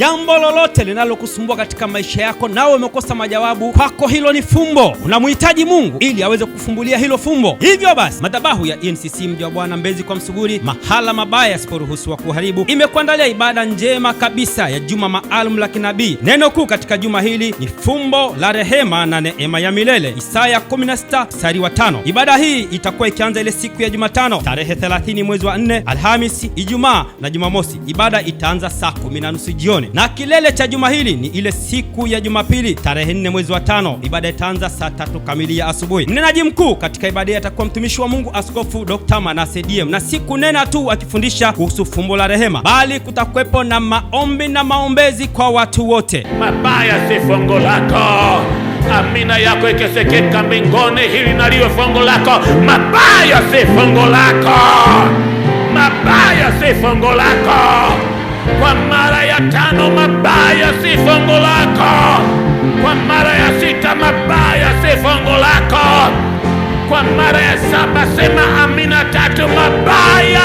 Jambo lolote linalokusumbua katika maisha yako, nawe umekosa majawabu, kwako hilo ni fumbo. Unamhitaji Mungu ili aweze kufumbulia hilo fumbo. Hivyo basi, madhabahu ya ENCC Mji wa Bwana Mbezi kwa Msuguri, mahala mabaya wa kuharibu, imekuandalia ibada njema kabisa ya juma maalum la kinabii. Neno kuu katika juma hili ni fumbo la rehema na neema ya milele, Isaya 16 mstari wa tano. Ibada hii itakuwa ikianza ile siku ya Jumatano tarehe 30 mwezi wa 4, Alhamisi, Ijumaa na Jumamosi. Ibada itaanza saa kumi na nusu jioni maombi. Na kilele cha juma hili ni ile siku ya Jumapili tarehe 4 mwezi wa tano, ibada itaanza saa tatu kamili ya asubuhi. Mnenaji mkuu katika ibada hii atakuwa mtumishi wa Mungu Askofu Dr. Manase DM, na si kunena tu akifundisha kuhusu fumbo la rehema, bali kutakuwepo na maombi na maombezi kwa watu wote. Mabaya si fungo lako Amina yako ikisekeka mbingoni, hili naliwe fungo lako. Mabaya si fungo lako, mabaya si fungo lako. ukamate vongo lako kwa mara ya saba, sema amina tatu mabaya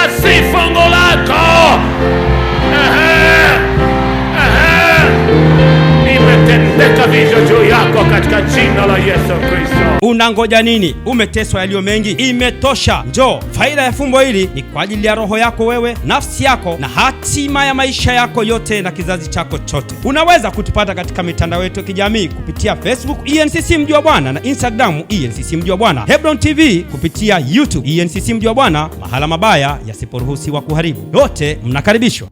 Ninaamsha juu yako katika jina la Yesu Kristo. Unangoja nini? Umeteswa yaliyo mengi, imetosha. Njoo. Faida ya fumbo hili ni kwa ajili ya roho yako wewe, nafsi yako na hatima ya maisha yako yote na kizazi chako chote. Unaweza kutupata katika mitandao yetu ya kijamii kupitia Facebook ENCC Mji wa Bwana na Instagram ENCC Mji wa Bwana, Hebron TV kupitia YouTube ENCC Mji wa Bwana, mahala mabaya yasiporuhusiwa kuharibu. Yote mnakaribishwa.